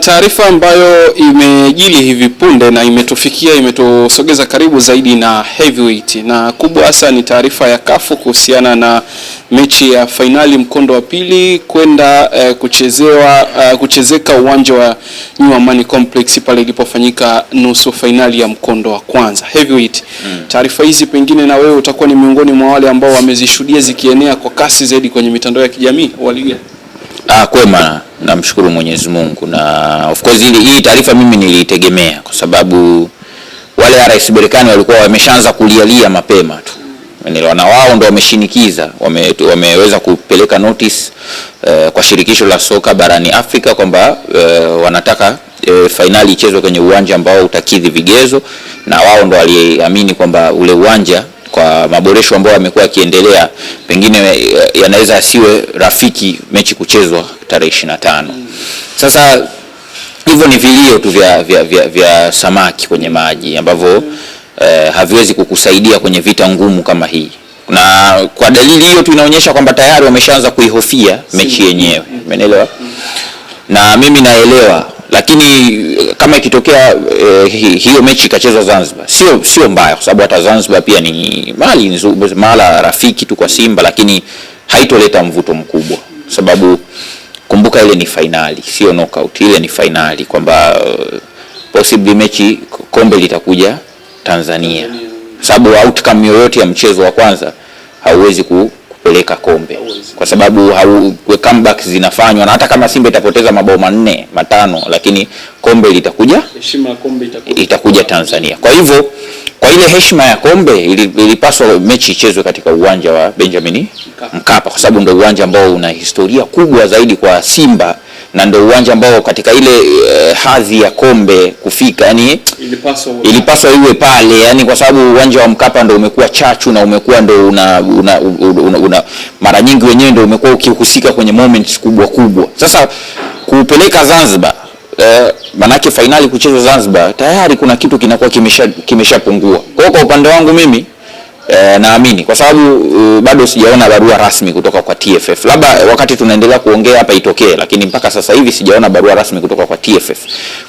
Taarifa ambayo imejili hivi punde na imetufikia imetusogeza karibu zaidi na Heavyweight, na kubwa hasa ni taarifa ya kafu kuhusiana na mechi ya fainali mkondo wa pili kwenda eh, kuchezewa eh, kuchezeka uwanja wa New Amani Complex pale ilipofanyika nusu fainali ya mkondo wa kwanza Heavyweight. Mm. Taarifa hizi pengine na wewe utakuwa ni miongoni mwa wale ambao wamezishuhudia zikienea kwa kasi zaidi kwenye mitandao ya kijamii waliga Ah, kwema, namshukuru Mwenyezi Mungu na of course hili hii taarifa mimi nilitegemea kwa sababu wale rais Berkane walikuwa wameshaanza kulialia mapema tu, na wao ndo wameshinikiza, wame, wameweza kupeleka notice uh, kwa shirikisho la soka barani Afrika kwamba uh, wanataka uh, eh, fainali ichezwe kwenye uwanja ambao utakidhi vigezo, na wao ndo waliamini kwamba ule uwanja kwa maboresho ambayo yamekuwa yakiendelea, pengine eh, yanaweza asiwe rafiki mechi kuchezwa tarehe 25. Sasa hivyo ni vilio tu vya, vya, vya, vya samaki kwenye maji ambavyo eh, haviwezi kukusaidia kwenye vita ngumu kama hii na kwa dalili hiyo tu inaonyesha kwamba tayari wameshaanza kuihofia mechi yenyewe, umeelewa? Na mimi naelewa lakini eh, kama ikitokea eh, hiyo mechi ikachezwa Zanzibar sio sio mbaya, kwa sababu hata Zanzibar pia ni mali mala rafiki tu kwa Simba, lakini haitoleta mvuto mkubwa, sababu kumbuka ile ni fainali, sio knockout. Ile ni fainali kwamba eh, possibly mechi kombe litakuja Tanzania, sababu outcome yoyote ya mchezo wa kwanza hauwezi ku kupeleka kombe, kwa sababu hau, comeback zinafanywa na hata kama Simba itapoteza mabao manne matano, lakini kombe litakuja, heshima kombe itakuja, itakuja Tanzania. Kwa hivyo kwa ile heshima ya kombe ilipaswa mechi ichezwe katika uwanja wa Benjamin Mkapa, Mkapa kwa sababu ndio uwanja ambao una historia kubwa zaidi kwa Simba na ndio uwanja ambao katika ile uh, hadhi ya kombe kufika yani ilipaswa iwe pale yani, kwa sababu uwanja wa Mkapa ndio umekuwa chachu na umekuwa ndio una, una, una, una mara nyingi wenyewe ndio umekuwa ukihusika kwenye moments kubwa kubwa. Sasa kuupeleka Zanzibar eh, manake fainali kuchezwa Zanzibar tayari kuna kitu kinakuwa kimeshapungua kimesha. Kwa kwa upande wangu mimi e, naamini kwa sababu uh, bado sijaona barua rasmi kutoka kwa TFF. Labda wakati tunaendelea kuongea hapa itokee, lakini mpaka sasa hivi sijaona barua rasmi kutoka kwa TFF.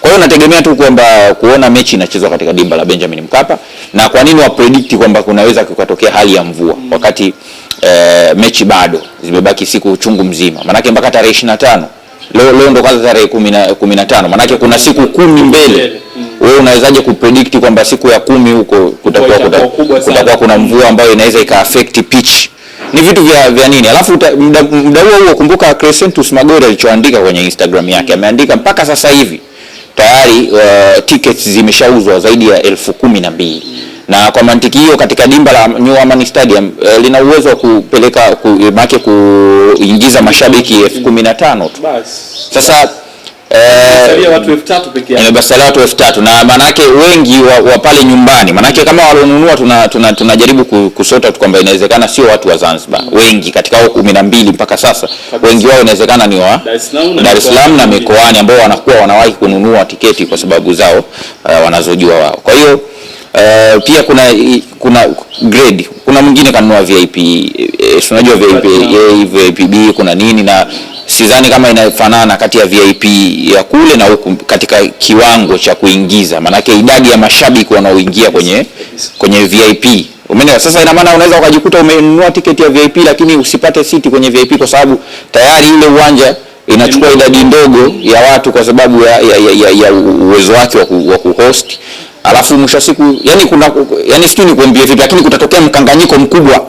Kwa hiyo nategemea tu kwamba kuona mechi inachezwa katika dimba la Benjamin Mkapa. Na kwa nini wapredict kwamba kunaweza kukatokea hali ya mvua wakati e, mechi bado zimebaki siku chungu mzima, manake mpaka tarehe 25 leo, leo ndo kwanza tarehe 15 manake kuna siku kumi mbele wewe unawezaje kupredict kwamba siku ya kumi huko kutakuwa kutakuwa, kutakuwa kuna mvua ambayo inaweza ika affect pitch? Ni vitu vya, vya nini? Alafu muda huo huo kumbuka Crescentus Magori alichoandika kwenye Instagram yake, ameandika mpaka sasa hivi tayari uh, tickets zimeshauzwa zaidi ya elfu kumi na mbili na kwa mantiki hiyo katika dimba la New amani Stadium uh, lina uwezo wa kupeleka ku, make kuingiza mashabiki elfu kumi na tano tu. Sasa Eh, imebasalia eh, watu elfu tatu na maanake wengi wa, wa pale nyumbani maanake kama walionunua tunajaribu tuna, tuna kusota kwamba inawezekana sio watu wa Zanzibar mm. wengi katika hao kumi na mbili mpaka sasa Kabisa. wengi wao inawezekana ni wa Dar es Salaam na mikoani ambao wanakuwa wanawahi kununua tiketi kwa sababu zao uh, wanazojua wao kwa hiyo Uh, pia kuna kuna grade, kuna mwingine kanunua VIP, unajua VIP A, VIP B, kuna nini na sidhani kama inafanana kati ya VIP ya kule na huku katika kiwango cha kuingiza, maanake idadi ya mashabiki wanaoingia kwenye kwenye VIP. Umeelewa? Sasa ina maana unaweza ukajikuta umenunua tiketi ya VIP lakini usipate siti kwenye VIP kwa sababu tayari ile uwanja inachukua idadi ndogo ya watu kwa sababu ya, ya, ya, ya, ya uwezo wake wa kuhost. Alafu mwisho wa siku yani kuna yani sijui ni kuambia vipi, lakini kutatokea mkanganyiko mkubwa.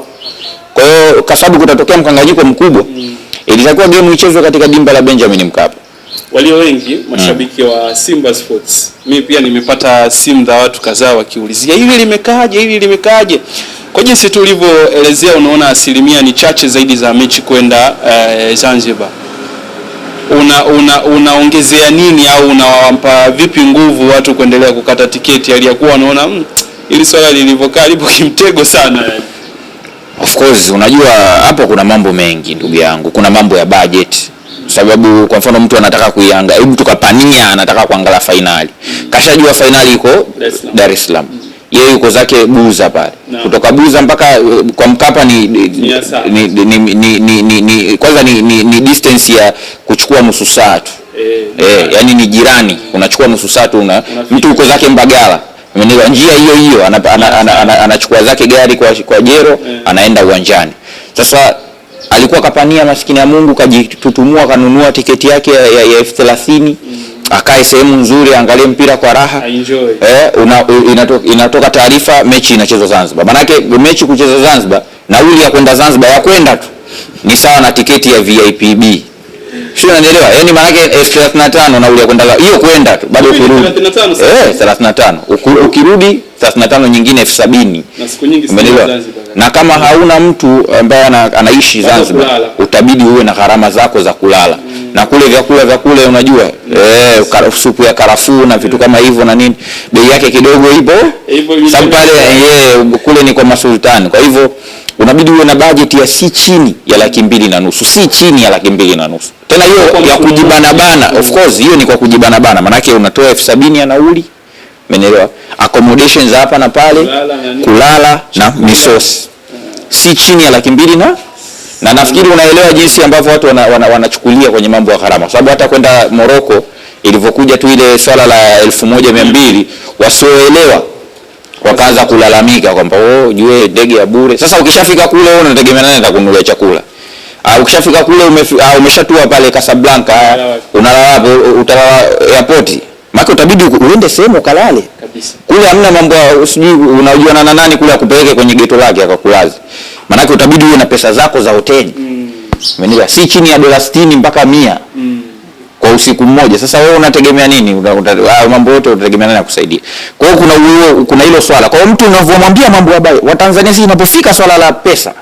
Kwa hiyo kwa sababu kutatokea mkanganyiko mkubwa. mm ilitakuwa game ichezwe katika dimba la Benjamin Mkapa. Walio wengi mashabiki mm. wa Simba Sports, mi pia nimepata simu za watu kadhaa wakiulizia hili limekaaje, hili limekaaje. Kwa jinsi tulivyoelezea, unaona asilimia ni chache zaidi za mechi kwenda uh, Zanzibar. Una unaongezea nini au unawapa vipi nguvu watu kuendelea kukata tiketi aliyakuwa wanaona mm, ili swala lilivyokaa lipo kimtego sana eh. Of course unajua hapo kuna mambo mengi ndugu yangu, kuna mambo ya budget sababu kwa mfano mtu anataka kuianga, hebu tukapania, anataka kuangalia finali kashajua fainali iko Dar es Salaam, yeye yuko zake Buza pale no. kutoka Buza mpaka eh, kwa Mkapa ni ni, ni, ni, ni, ni, ni kwanza ni, ni, ni distance ya kuchukua nusu saa tu eh, eh, yani ni jirani, unachukua nusu saa tu una, mtu yuko zake Mbagala kwa njia hiyo hiyo anachukua ana, ana, ana, ana, ana zake gari kwa, kwa jero mm. anaenda uwanjani. Sasa alikuwa kapania maskini ya Mungu, kajitutumua kanunua tiketi yake ya, ya, ya elfu thelathini mm. akae sehemu nzuri aangalie mpira kwa raha eh, una, inato, inatoka taarifa mechi inachezwa Zanzibar. Manake mechi kucheza Zanzibar, nauli ya kwenda Zanzibar ya kwenda tu ni sawa na tiketi ya vipb Sio, unanielewa? Yaani maana yake elfu thelathini na tano nauli kwenda hiyo kwenda tu bado kurudi. Eh, 35. Ukirudi 35 nyingine elfu sabini. Na siku nyingi sana. Na kama hauna mtu ambaye anaishi Zanzibar, utabidi uwe na gharama zako za kulala. Mm. Na kule vyakula vya kule unajua, mm. eh, supu ya karafuu na vitu mm. kama hivyo na nini, bei yake kidogo ipo. Eh, Sababu pale yeye eh, kule ni kwa masultani. Kwa hivyo unabidi uwe na bajeti ya si chini ya laki mbili na nusu si chini ya laki mbili na nusu Tena hiyo ya kujibanabana, of course hiyo ni kwa kujibanabana, maanake unatoa elfu sabini ya nauli, umeelewa, za hapa na pale, kulala na misosi, si chini ya laki mbili na na nafikiri unaelewa jinsi ambavyo watu wanachukulia wana, wana kwenye mambo ya gharama, kwa sababu hata kwenda Moroko ilivyokuja tu ile swala la elfu moja mia mbili wasioelewa wakaanza kulalamika kwamba oh, jue ndege ya bure. Sasa ukishafika kule wewe unategemea nani atakunulia chakula? Uh, ukishafika kule uh, umeshatua pale Casablanca, unalala Utalala airport? Maana utabidi uende sehemu ukalale kabisa. Kule hamna mambo usijui unajua na nani kule akupeleke kwenye geto lake akakulaza. Maana utabidi uwe na pesa zako za hoteli. Mm. Si chini ya dola 60 mpaka 100. Mm usiku mmoja. Sasa wewe unategemea nini? Mambo yote unategemea nani akusaidie? Kwa hiyo kuna huo, kuna hilo swala. Kwa hiyo mtu unavyomwambia mambo ya bai, Watanzania sisi inapofika swala la pesa,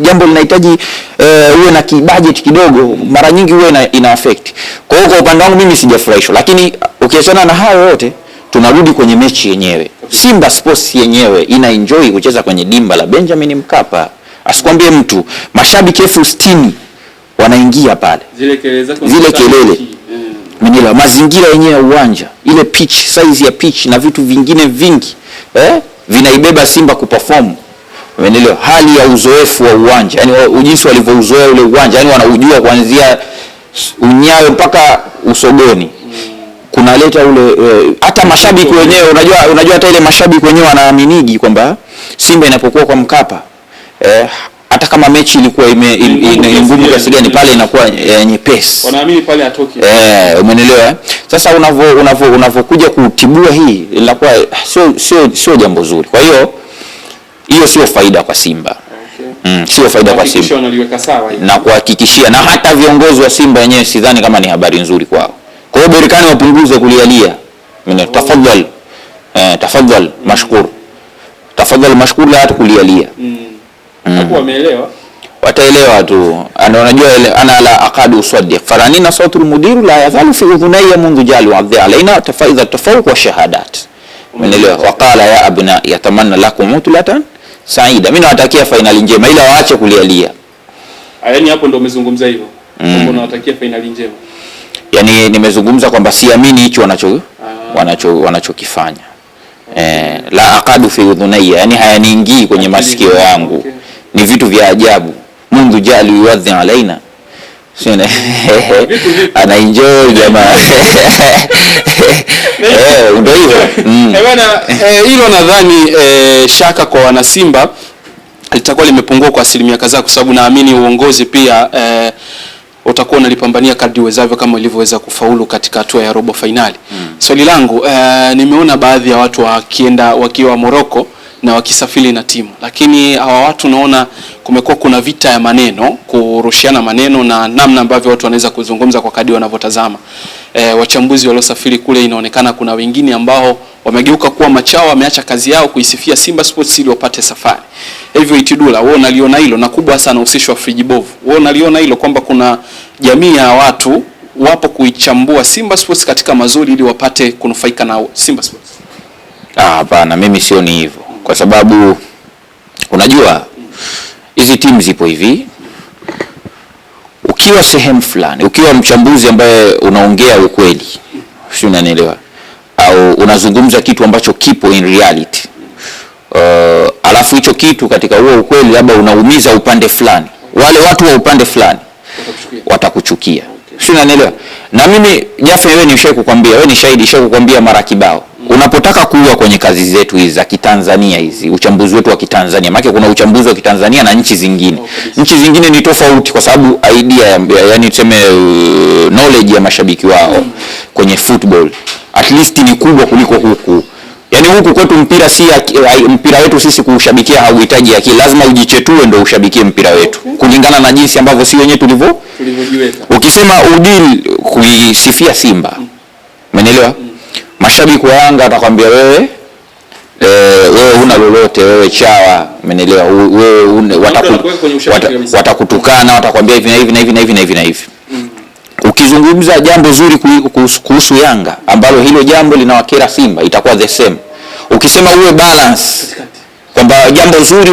jambo linahitaji eh, uwe na kibudget kidogo, mara nyingi uwe na, ina affect. Kwa hiyo kwa upande wangu mimi sijafurahishwa, lakini ukiachana na hayo yote tunarudi kwenye mechi yenyewe. Simba Sports yenyewe ina enjoy kucheza kwenye dimba la Benjamin Mkapa. Asikwambie mtu mashabiki elfu sitini wanaingia pale, zile kelele, zile kelele. Eh. mazingira yenyewe ya uwanja, ile pitch, size ya pitch na vitu vingine vingi eh, vinaibeba Simba kuperform. Umeelewa? hali ya uzoefu wa uwanja, yani jinsi walivyouzoea ule uwanja, yani wanaujua kuanzia unyayo mpaka usogoni kunaleta ule uh, hata mashabiki wenyewe unajua, unajua hata ile mashabiki wenyewe wanaaminiji kwamba Simba inapokuwa kwa Mkapa eh, hata kama mechi ilikuwa ime ngumu kiasi gani, pale inakuwa e, nyepesi, wanaamini pale atoki. Eh, umeelewa? Eh? Sasa unavyo unavyo unavyokuja kutibua hii inakuwa ah, sio sio sio jambo zuri. Kwa hiyo hiyo sio faida kwa Simba. okay. Mm, sio faida kwa Simba na kuhakikishia, na hata viongozi wa Simba wenyewe sidhani kama ni habari nzuri kwao. Kwa hiyo berikani wapunguze kulialia. Mimi oh. tafadhali, eh, tafadhali mm. mashukuru, tafadhali mashukuru, hata kulialia. Mm mm. wameelewa wataelewa tu. Ana unajua ana la aqadu usaddiq faranina sautul mudiru la yazalu fi udhunayya mundu jalu adhi alaina tafaidha tafawuq wa shahadat umeelewa. Mm. Waqala ya abna yatamanna lakum utlatan saida, mimi nawatakia fainali njema, ila waache kulialia. Yaani hapo ndo umezungumza hivyo kwamba mm. nawatakia fainali njema. Yani nimezungumza kwamba siamini hicho wanacho ah. wanacho wanachokifanya, eh la aqadu fi udhunayya, yani hayaniingii kwenye masikio yangu okay ni vitu vya ajabu. Mundu jali yuwadhi alaina ana enjoy jamaa, eh, ndio hivyo mm. eh, bwana. Eh, hilo nadhani shaka kwa wanasimba litakuwa limepungua kwa asilimia kadhaa, kwa sababu naamini uongozi pia eh, utakuwa unalipambania kadri uwezavyo kama ulivyoweza kufaulu katika hatua ya robo fainali. Mm. Swali langu eh, nimeona baadhi ya watu wakienda wakiwa Morocco na wakisafiri na timu, lakini hawa watu naona kumekuwa kuna vita ya maneno, kurushiana maneno na namna ambavyo watu wanaweza kuzungumza kwa kadi wanavyotazama. E, wachambuzi waliosafiri kule, inaonekana kuna wengine ambao wamegeuka kuwa machao, wameacha kazi yao kuisifia Simba Sports ili wapate safari. Hivyo Itidula, wewe unaliona hilo na kubwa sana uhusishwa wa friji bovu, wewe unaliona hilo kwamba kuna jamii ya watu wapo kuichambua Simba Sports katika mazuri ili wapate kunufaika na Simba Sports? Ah, hapana, mimi sioni hivyo kwa sababu unajua hizi timu zipo hivi. Ukiwa sehemu fulani, ukiwa mchambuzi ambaye unaongea ukweli, si unanielewa, au unazungumza kitu ambacho kipo in reality uh, alafu hicho kitu katika huo ukweli labda unaumiza upande fulani, wale watu wa upande fulani watakuchukia, si unanielewa. Na mimi Jaffe, wewe ni kukwambia, wewe ni shahidi, nishakukwambia mara kibao unapotaka kuwa kwenye kazi zetu hizi za Kitanzania hizi, uchambuzi wetu wa Kitanzania, maana kuna uchambuzi wa Kitanzania na nchi zingine. Nchi zingine ni tofauti, kwa sababu idea ya, yani tuseme uh, knowledge ya mashabiki wao kwenye football at least ni kubwa kuliko huku. Yaani huku kwetu mpira si mpira wetu sisi kuushabikia hauhitaji akili, lazima ujichetue ndio ushabikie mpira wetu okay. kulingana na jinsi ambavyo si wenyewe tulivyo tulivyojiweka. Ukisema udil kuisifia Simba, umeelewa? mashabiki wa Yanga atakwambia wewe eh, wewe huna lolote, wewe chawa, umenielewa? Wewe watakutukana, watakwambia hivi na hivi na hivi na hivi na hivi na hivi. Mm. Ukizungumza jambo zuri kuhusu Yanga ambalo hilo jambo linawakera Simba, itakuwa the same. Ukisema uwe balance kwamba jambo zuri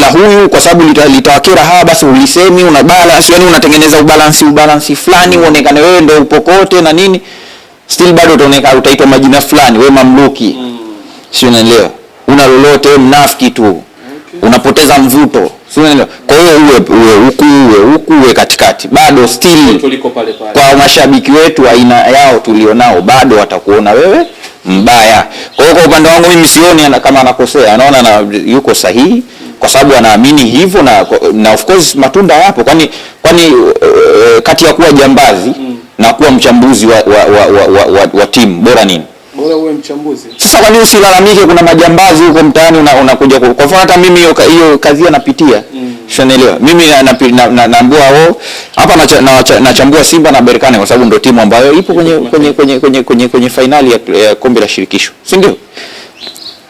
la huyu kwa sababu litawakera hawa, basi ulisemi una balance, yani unatengeneza ubalansi ubalansi fulani, mm. uonekane wewe ndio upokote na nini still bado utaoneka utaitwa majina fulani, we mamluki mm. sio, unaelewa? Una lolote we mnafiki tu okay. Unapoteza mvuto, sio, unaelewa? mm. Kwa hiyo uwe uwe huku uwe huku uwe katikati, bado mm. still tuliko pale pale. Kwa mashabiki wetu aina yao tulionao bado watakuona wewe mbaya. Kwa hiyo kwa upande wangu mimi sioni ana, kama anakosea, anaona na yuko sahihi kwa sababu anaamini hivyo na, na of course matunda yapo, kwani kwani uh, kati ya kuwa jambazi mm na kuwa mchambuzi wa, wa, wa, wa, wa, wa, wa timu bora nini? Bora uwe mchambuzi. Sasa kwa nini usilalamike? Kuna majambazi huko mtaani unakuja una kwa mfano, hata mimi hiyo kadhia napitia mm. Shanaelewa mimi naambua na, na, na oh hapa nachambua na, na, na Simba na Berkane kwa sababu ndio timu ambayo ipo kwenye kwenye kwenye kwenye, kwenye, kwenye kwenye fainali ya, ya kombe la shirikisho, si ndio?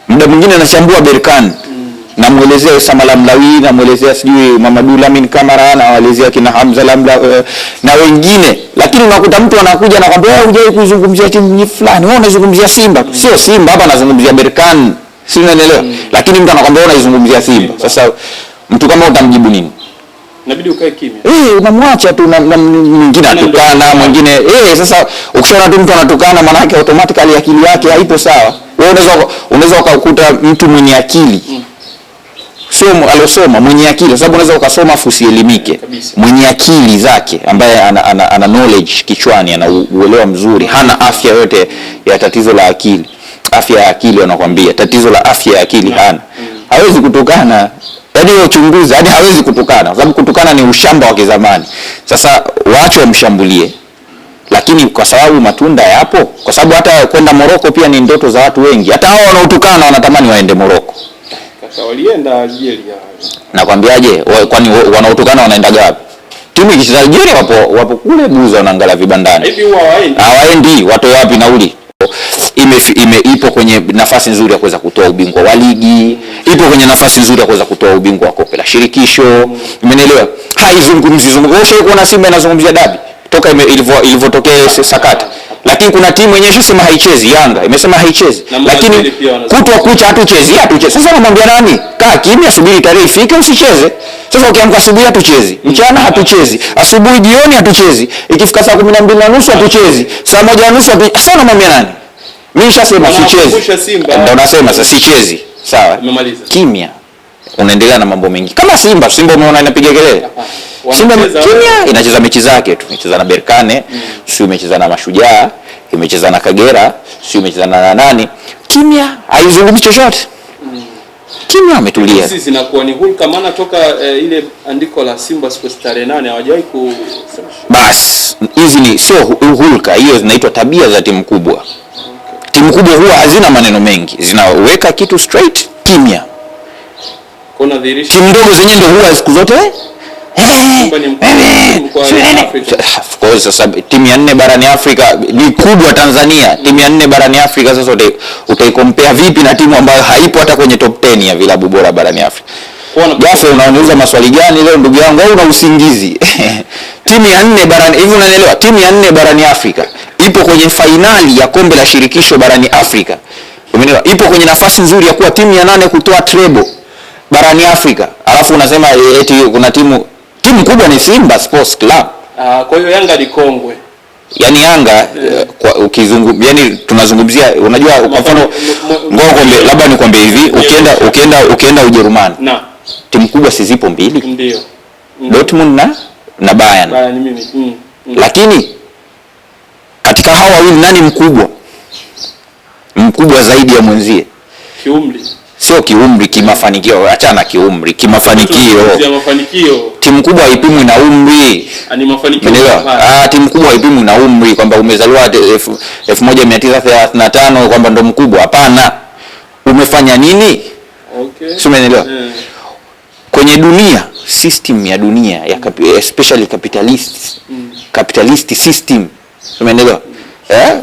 Muda mwingine nachambua Berkane mm namwelezea Osama Lamlawi, namwelezea sijui Mamadou Lamine Kamara, nawaelezea kina Hamza Lamla eh, na wengine. Lakini unakuta mtu anakuja na kwambia wewe eh, hujawahi kuzungumzia timu fulani, wewe unazungumzia Simba. Sio Simba hapa, anazungumzia Berkan, si unaelewa? Mm. Lakini mtu anakwambia wewe unaizungumzia Simba. Sasa mtu kama utamjibu nini? Inabidi ukae kimya. Eh, unamwacha tu, na, mwingine atukana, mwingine eh. Sasa ukishaona tu mtu anatukana, maana yake automatically akili yake haipo sawa. Wewe unaweza unaweza ukakuta mtu mwenye akili Mm somo aliosoma mwenye akili, sababu unaweza ukasoma afu usielimike. Mwenye akili zake ambaye ana, ana, ana knowledge kichwani, ana uelewa mzuri, hana afya yote ya tatizo la akili. Afya ya akili wanakwambia tatizo la afya ya akili yeah. Mm. hana, mm. hawezi kutukana yaani uchunguzi yaani hawezi kutukana, kwa sababu kutukana ni ushamba wa kizamani. Sasa waache wamshambulie, lakini kwa sababu matunda yapo, kwa sababu hata kwenda Moroko pia ni ndoto za watu wengi, hata hao wanaotukana wanatamani waende Moroko walienda Algeria. Nakwambiaje, kwani wanaotokana wanaendaga wapi? Timu ikicheza Algeria wapo wapo kule Buza wanaangalia vibandani. Hivi huwa hawaendi. Hawaendi, watoe wapi nauli? Ime, ime ipo kwenye nafasi nzuri ya kuweza kutoa ubingwa wa ligi, ipo kwenye nafasi nzuri ya kuweza kutoa ubingwa wa kombe la shirikisho. Umeelewa? Haizungumzi zungumzi. Wewe kuona Simba inazungumzia dabi toka ilivyotokea sakata lakini kuna timu yenyewe imesema haichezi. Yanga imesema haichezi, lakini kutwa kucha hatuchezi, hatuchezi. Sasa namwambia nani? Kaa kimya, subiri tarehe ifike, usicheze. Sasa ukiamka asubuhi hatuchezi, mm. mchana hatuchezi, asubuhi jioni hatuchezi, ikifika saa kumi na mbili na nusu hatuchezi, saa moja na nusu hatuchezi. Sasa namwambia nani? Mimi nishasema sichezi, ndio nasema sasa sichezi. Sawa, kimya, unaendelea na mambo mengi. Kama Simba, Simba umeona inapiga kelele Simba Junior inacheza mechi zake tu, imecheza na Berkane mm. sio imecheza na Mashujaa, imecheza na Kagera, sio imecheza na nani. Kimya haizungumzi chochote mm. Kimya ametulia. Sisi zinakuwa ni hulka, maana toka eh, ile andiko la Simba Sports tarehe nane hawajawahi ku bas. Hizi ni sio hulka, hiyo zinaitwa tabia za timu kubwa okay. Timu kubwa huwa hazina maneno mengi, zinaweka kitu straight, kimya. Kuna dhihirisho timu ndogo zenyewe ndio huwa siku zote sasa timu ya nne barani Afrika ni kubwa Tanzania. Mm. Timu ya nne barani Afrika sasa utaikompea vipi na timu ambayo haipo hata kwenye top ten ya vilabu bora barani Afrika? Gafe, unaoniuza maswali gani leo ndugu yangu, au una usingizi? Timu ya nne barani hivi, unanielewa? Timu ya nne barani Afrika ipo kwenye fainali ya kombe la shirikisho barani Afrika, umeelewa? Ipo kwenye nafasi nzuri ya kuwa timu ya nane kutoa treble barani Afrika, alafu unasema eh, eti kuna timu timu kubwa ni Simba Sports Club. Ah, kwa hiyo Yanga ni kongwe. Yaani Yanga yeah. Eh, ukizungumzia yani tunazungumzia unajua kwa mfano Ngoko, labda nikwambie hivi, ukienda ukienda ukienda Ujerumani. Na timu kubwa si zipo mbili? Ndio. Mm. Dortmund na na Bayern. Bayern mimi. Mm, mm. Lakini katika hawa wawili nani mkubwa? Mkubwa zaidi ya mwenzie? Kiumri. Sio kiumri, kimafanikio. Achana kiumri, kimafanikio. Timu kubwa haipimwi na umri, ah, ah, timu kubwa haipimwi na umri kwamba umezaliwa 1935 kwamba ndo mkubwa. Hapana, umefanya nini? Okay, simenelewa yeah. Kwenye dunia, system ya dunia ya especially capitalist, mm. capitalist system, simenelewa mm. eh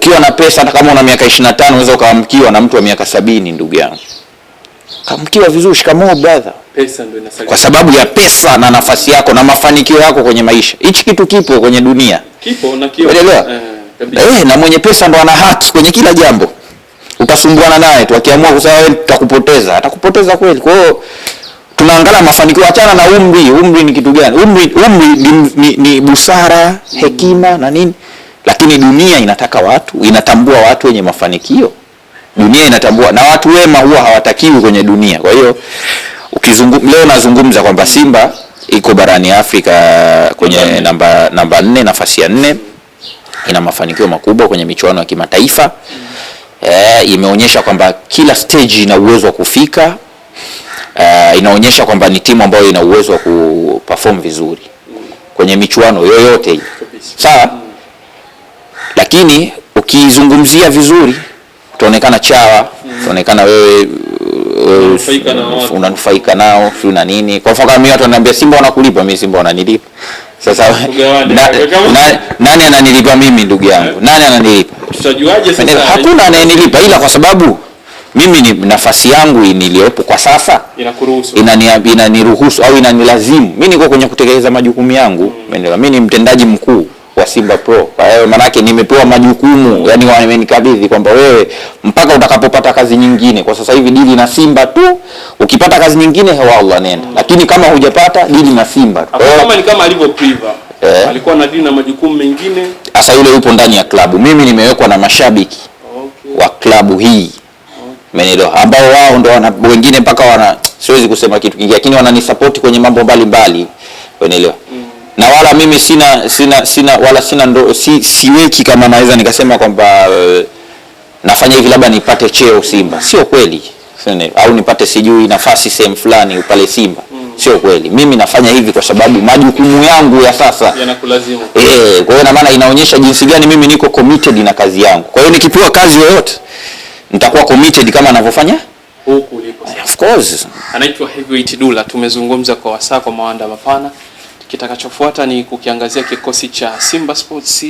ukiwa na pesa, hata kama una miaka 25 unaweza ukaamkiwa na mtu wa miaka sabini. Ndugu yangu, kamkiwa vizuri, shikamoo brother, pesa ndio inasalia, kwa sababu ya pesa na nafasi yako na mafanikio yako kwenye maisha. Hichi kitu kipo kwenye dunia, kipo na eh, kio, eh, na mwenye pesa ndo ana haki kwenye kila jambo. Utasumbuana naye tu, akiamua kusema wewe tutakupoteza, atakupoteza kweli. Kwa hiyo tunaangalia mafanikio, achana na umri. Umri ni kitu gani? Umri, umri ni, ni, ni busara, hekima na nini lakini dunia inataka watu, inatambua watu wenye mafanikio. Dunia inatambua na watu wema huwa hawatakiwi kwenye dunia. Kwa hiyo leo nazungumza kwamba Simba iko barani Afrika kwenye namba namba nne, nafasi ya nne, ina mafanikio makubwa kwenye michuano ya kimataifa. E, imeonyesha kwamba kila stage ina uwezo wa kufika. E, inaonyesha kwamba ni timu ambayo ina uwezo wa kuperform vizuri kwenye michuano yoyote. Sawa? lakini ukizungumzia vizuri utaonekana chawa, utaonekana wewe unanufaika nao sio na nini. Kwa mfano kama mimi watu wananiambia Simba wanakulipa, mimi Simba wananilipa. Sasa nani ananilipa mimi, ndugu yangu? Nani ananilipa? Tutajuaje sasa? Hakuna anayenilipa, ila kwa sababu mimi ni nafasi yangu niliyopo kwa sasa inakuruhusu, inaniruhusu au inanilazimu mimi niko kwenye kutekeleza majukumu yangu. Mm. Mimi ni mtendaji mkuu kwa Simba Pro. Kwa hiyo maana yake nimepewa majukumu, yani wamenikabidhi kwamba wewe mpaka utakapopata kazi nyingine. Kwa sasa hivi dili na Simba tu, ukipata kazi nyingine hewa Allah nenda, Mm. lakini kama hujapata dili na Simba Kwa hiyo Kama ni kama alivyo Priva eh, alikuwa na dili na majukumu mengine. Sasa yule yupo ndani ya klabu, mimi nimewekwa na mashabiki okay, wa klabu hii Menelo ambao wao ndo wana wengine mpaka wana siwezi kusema kitu kingi, lakini wananisupport kwenye mambo mbalimbali, unaelewa na wala mimi sina sina sina wala sina ndo, si, siweki kama naweza nikasema kwamba uh, nafanya hivi labda nipate cheo Simba, sio kweli sene, au nipate sijui nafasi sehemu fulani pale Simba mm. sio kweli. Mimi nafanya hivi kwa sababu majukumu yangu ya sasa yanakulazimu. Eh, eh kwa hiyo na maana inaonyesha jinsi gani mimi niko committed na kazi yangu. Kwa hiyo nikipewa kazi yoyote nitakuwa committed kama anavyofanya huku ulipo. Of course. Anaitwa Heavyweight Dulla, tumezungumza kwa wasaa kwa mawanda mapana. Kitakachofuata ni kukiangazia kikosi cha Simba Sports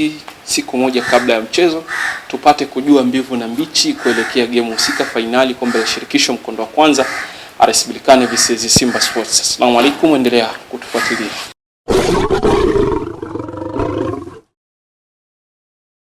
siku moja kabla ya mchezo, tupate kujua mbivu na mbichi kuelekea gemu husika, fainali kombe la shirikisho mkondo wa kwanza, RS Berkane vs Simba Sports. Asalamu alaykum, endelea kutufuatilia.